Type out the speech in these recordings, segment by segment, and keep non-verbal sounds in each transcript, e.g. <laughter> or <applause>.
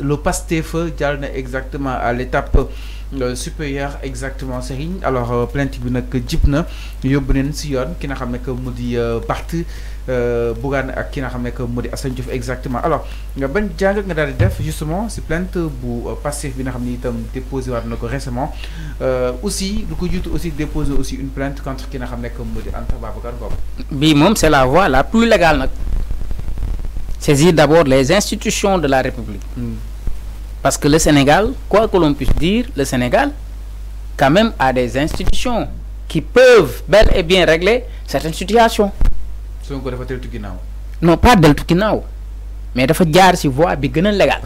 le PASTEF jàll exactement à l'étape euh, supérieure exactement Serigne alors euh, plainte bi nak jib na yóbbu neen si yoon ki nga xam que mu di euh, Bart Bougane ak ki nga xam que mu exactement alors nga ban jang nga dal def justement ci plainte bu PASTEF bi nga déposé waat récemment aussi beaucoup ko aussi déposé aussi une plainte contre ki n'a xam que mu di Anta Babacar c'est la voie la plus légale nak saisir d'abord les institutions de la République hmm. Parce que le Sénégal, quoi que l'on puisse dire, le Sénégal, quand même, a des institutions qui peuvent bel et bien régler certaines situations. Non, pas del Tukinao. Mais il faut dire si voie est légal.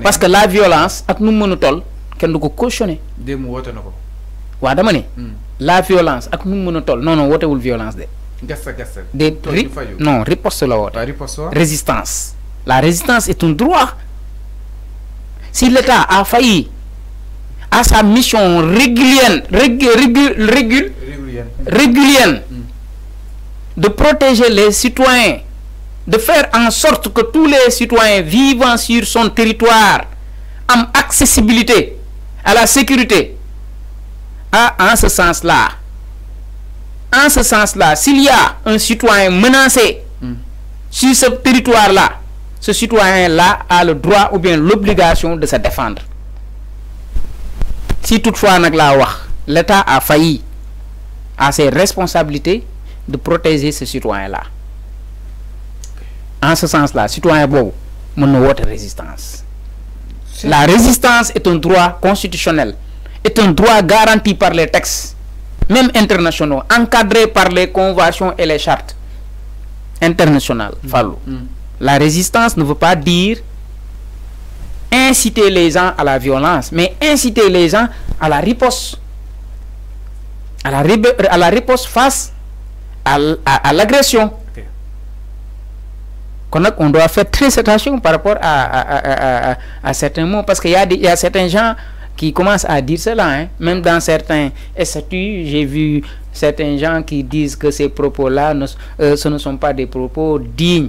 Parce que la violence, ak nous mënu tol, kenn du ko cautionner. Démb woote dama hmm. la violence ak nous mu non, toll non non wootewul violence de. gasta gasta. de non riposte la woote. Ah, résistance. la résistance est un droit si l'État a failli à sa mission régulière, régulière, hmm. de protéger les citoyens, de faire en sorte que tous les citoyens vivant sur son territoire aient accessibilité à la sécurité. en ce sens-là, en ce sens-là, s'il y a un citoyen menacé hmm. sur ce territoire-là, ce citoyen-là a le droit ou bien l'obligation de se défendre. Si toutefois, l'État a failli à ses responsabilités de protéger ce citoyen-là. En ce sens-là, citoyen beau, mon autre résistance. La résistance est un droit constitutionnel, est un droit garanti par les textes, même internationaux, encadré par les conventions et les chartes internationales. La résistance ne veut pas dire inciter les gens à la violence, mais inciter les gens à la riposte. À la, riposte face à, l'agression. On doit faire très attention par rapport à, certains mots, parce qu'il y, a certains gens qui commencent à dire cela. Hein. Même dans certains statuts, j'ai vu certains gens qui disent que ces propos-là euh, ce ne sont pas des propos dignes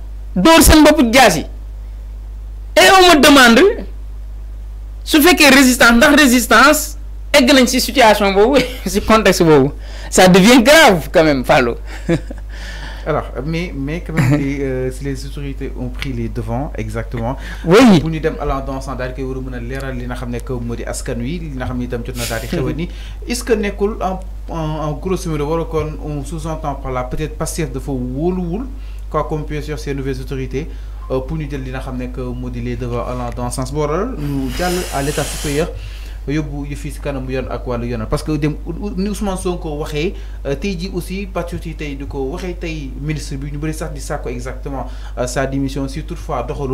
et on me demande fait que résistance ndax résistance egg nañ ci situation bobu <laughs> ci contexte ça devient grave quand même fallo <laughs> alors mais mais quand même euh, les, <laughs> si les autorités ont pris les devants exactement. oui est-ce que on sous-entend par là peut-être de quoi qu'on puisse sur ces nouvelles autorités euh, pour nous dire que dans sens nous allons à l'état supérieur parce que nous ni euh, aussi ministre Nous exactement euh, sa démission si toutefois d'autres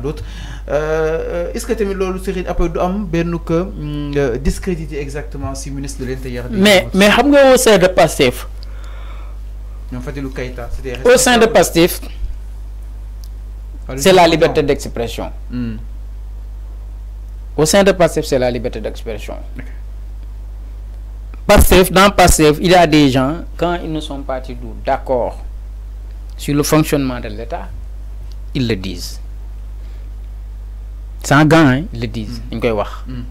d'autres est-ce que après que mm, exactement si ministre de l'intérieur mais mais xam nga pas ah, hmm. Au sein de PASTIF, c'est la liberté d'expression. Au sein de PASTIF, c'est la liberté d'expression. PASTIF, dans PASTIF il y a des gens, quand ils ne sont pas d'accord sur le fonctionnement de l'État, ils le disent. Sans gants, hein, ils le disent. Hmm. Hmm.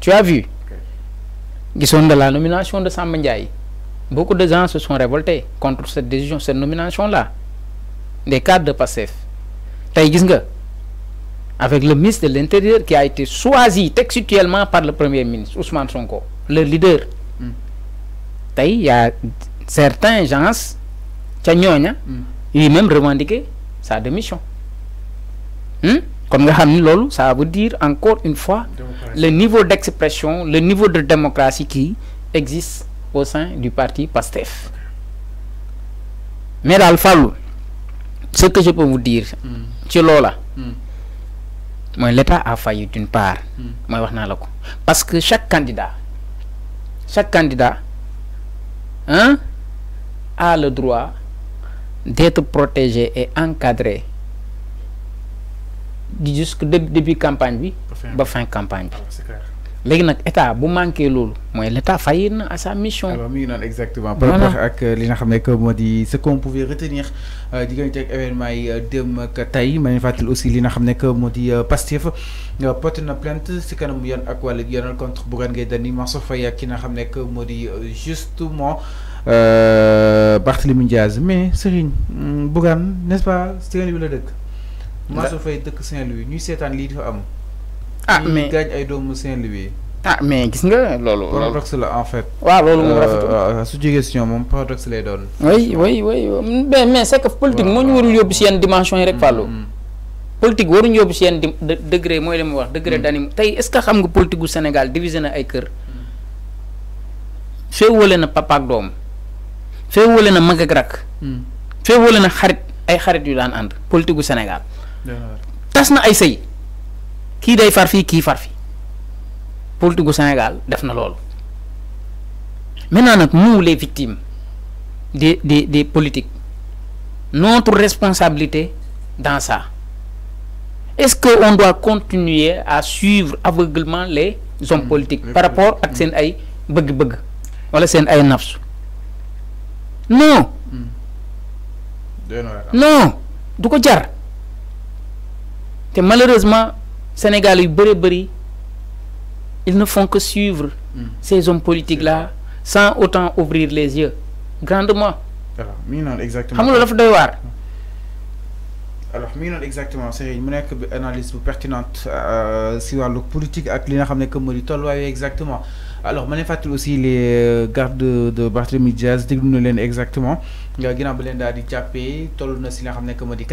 Tu as vu Ils sont de la nomination de Sam beaucoup de gens se sont révoltés contre cette décision cette nomination là des cadres de Pastef avec le ministre de l'intérieur qui a été choisi textuellement par le premier ministre Ousmane Sonko le leader hmm. Il y a certains gens il il hmm. même revendiqué sa démission Comme nga ça veut dire encore une fois le niveau d'expression le niveau de démocratie qui existe au sein du parti PASTEF mais l'alpha ce que je peux vous dire c'est lola l'état a failli d'une part parce que chaque candidat chaque candidat hein, a le droit d'être protégé et encadré jusqu'au début campagne bi fin campagne ah, léegi nak état bu manqué loolu moy l' fayine à sa mission. alors mi ngi exactement. par rapport ak euh, li nga xamné que modi ce qu'on pouvait retenir euh, diggante ak événement yi euh, dem ak tay ma fatil aussi li nga xamné que modi di Pastef porte na plainte si kanam yoon ak wàllu yoonal contre Bougane Gueye Dany Mansour Faye ak ki nga xam que modi justement euh Barthélémy Diaz mais Serigne hmm, Bougane n'est-ce pas Saint-Louis deuk ma so fay deuk Saint-Louis ñuy seetaan lii fa am. ah mais gaañ ay doomu Saint-Louis. ah mais gis nga loolu. en fait. waaw loolu moom euh, rafetul euh, suggestion moom paradoxe lay doon. mais mais c'est que moo ñu warul yóbbu si yenn dimension yi rek mm, Fallou. Mm. politique waruñu yóbbu si yenn degré mooy li ma wax degré mm. d'anime tey est-ce que xam nga politique gu Sénégal divisé na ay kër. féewale na papa ak doom féewale na mag ak rak féewale na xarit ay xarit yu daan ànd politique gu Sénégal tas na ay sëy Qui day qui fi qui far fi politique au Sénégal def na maintenant nous les victimes des politiques notre responsabilité dans ça est-ce qu'on doit continuer à suivre aveuglement les hommes mmh. politiques par rapport à ce ay bëgg-bëgg wala sen ay non mmh. non du ko jar malheureusement Sénégal et bris ils ne font que suivre hmm. ces hommes politiques là sans autant ouvrir les yeux grandement. Hmm. alors exactement c'est nga alors exactement C'est une analyse pertinente euh, si la politique ak li nga que exactement alors ma aussi les euh, gardes de de Barthélemy Diaz déglu na leen exactement euh, ginnaaw ba leen daal di jàppee toll na si li nga xam ne que moo di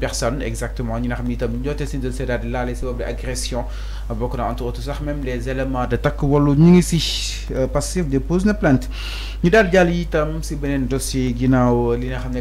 personnes exactement ñi nga xam ne itam ñoote si dal see daal di laale sabab di agression euh, bokk na entre autres sax même les éléments de takk wàllu ñu ngi si passif dépose na plainte ñu daal jàll itam si beneen dossier ginnaaw li nga xam ne